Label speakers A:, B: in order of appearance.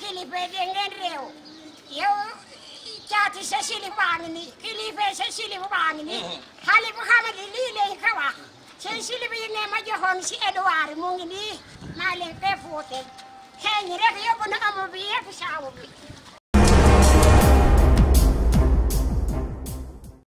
A: kilifa dégg ngeen réew yow caati sa silif baa ngi nii kilifa sa silif baa ngi nii xale bu xamadi lii lay ka wax seen yi ne ma joxoon si mu ngi nii maa leen koy fuute xeeñ rek yóbbu na amu bi yëpp saabu bi